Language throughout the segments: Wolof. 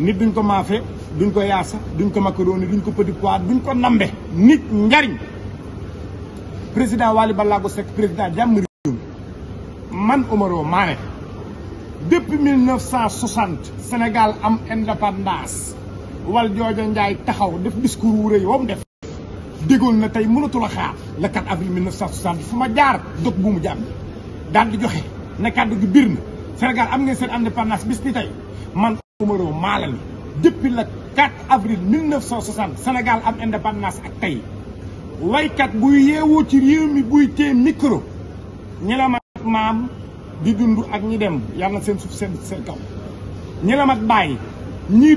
nit duñ ko mafé duñ ko yaasa duñ ko macaroni duñ ko petit pois duñ ko nambé nit njariñ président Wally Ballago sek président jàmm man Omaro Mané depuis 1960 Sénégal am indépendance wal jojo ndjay taxaw def discours wu rëy wam def degol na tay munatu la xaar le 4 avril 1960 fuma jaar dok bu mu jàmm dal di joxe ne kaddu gi birna Sénégal am ngeen sen indépendance bis ni tay man numéro Maalal depuis le 4 avril 1960 Sénégal am indépendance ak tey waykat buy yeewoo ci réew mi buy te micro ñi maam di dund ak ñi dem yàlla seen suuf sedd ci seen kaw ñi la mat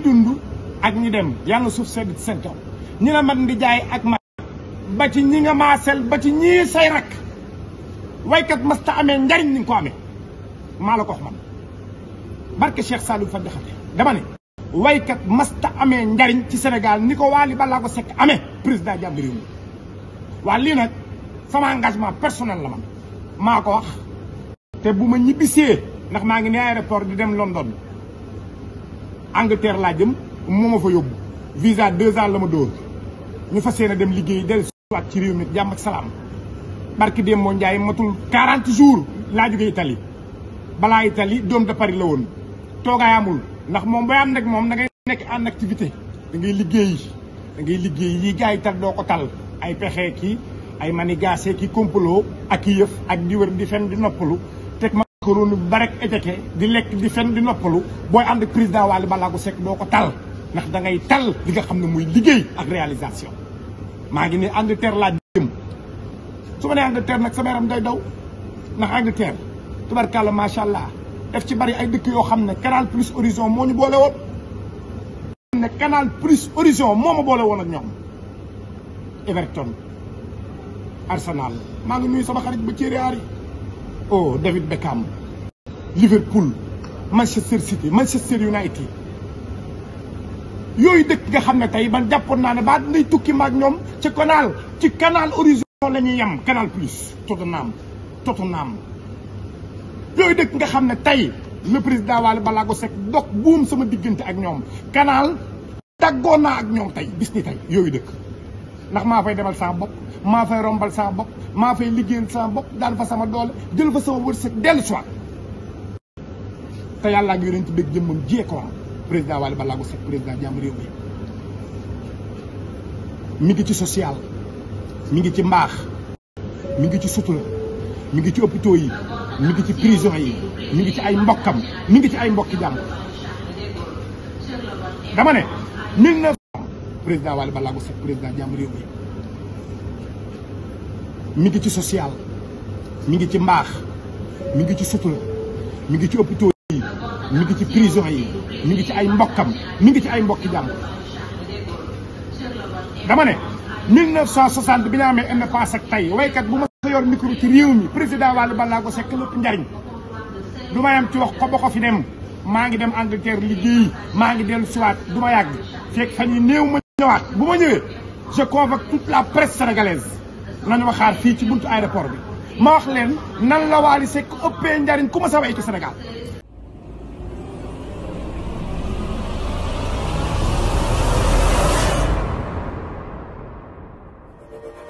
dund ak ñi dem yàlla na suuf sedd mat di jaay ak ma ba ci ñi nga maasel ba ci ñii say rakk waykat mas ta amee njariñ li nga ko amee maa la ko wax barke Cheikh salou Faye khate dama ne kat masta amé ndariñ ci Sénégal ni wali Waly Ballago Seck amee président jàmm rew wa li nak sama engagement personnel la man mako wax te buma ma nak ma ngi ne aéroport di dem London Angleterre la jëm moma fa yobbu visa 2 ans la ma ñu dem liggéey del siwaat ci rew mi jamm ak salam barki dem mo ndjay matul 40 jours la jógee Italie bala Italie dom de Paris la togay amul ndax mom bay am ak mom da ngay nek en activité da ngay liggéey da ngay liggéey yi tekma tak do ko tal ay pexé ki ay ki complo ak ak di wër di fenn di noppalu barek éjeke di lek di fenn di noppalu boy and ak président Wally Ballago sek do ko tal ndax da ngay tal li nga xam ne muy liggéey ak réalisation ma ngi ne Angleterre la suma day daw ndax Angleterre def ci bari ay dëkk canal plus horizon moo ñu boole woon canal plus horizon moo ma boole ak Everton Arsenal ngi xarit oh David Beckham Liverpool Manchester City Manchester United dëkk nga tukki ci canal ci canal horizon la ñuy canal plus Tottenham Tottenham yooyu dëkk nga xam ne tey le président Waly Balago Seck dog buum sama diggante ak ñoom kanaal tàggoon naa ak ñoom tey bis ni tey yooyu dëkk ndax maa fay demal sama bopp maa fay rombal sama bopp maa fay liggéeyal sama bopp daal fa sama doole jël fa sama wërsëg dellu soit te yàllaa ngi ci bëgg jëmmam jiyee ko président Waly Balago Seck président jàmm réew mi mi ngi ci social mi ngi ci mbaax mi ngi ci sutura mi ngi ci hôpitaux yi mi ngi ci prison yi mi ngi ci ay mbokkam mi ngi ci ay mbokki jàmm dama ne mille neuf président Wally Ballago Seck président jàmm ci social mi ngi ci mbaax mi ngi ci sutura ngi ci hôpitaux yi mi ngi ci prison yi mi ngi ci ay mbokkam mi ngi ci ay mbokki jàmm dama cent soixante bi ñu amee indépendance ak tey waykat bu ma sa yor micro ci réew mi président Wally ko sekk lépp njariñ du ma yem ci wax ko ba ko fi dem maa ngi dem Angleterre liggéeyi maa ngi dellu siwaat du ma yàgg fekk fan yi néew ma ñëwaat bu ma ñëwee je convoque toute la presse sénégalaise nañu ma xaar fii ci buntu aéroport bi ma wax leen nan la Wally Seck ëppee njariñ ku ma sa way ci Sénégal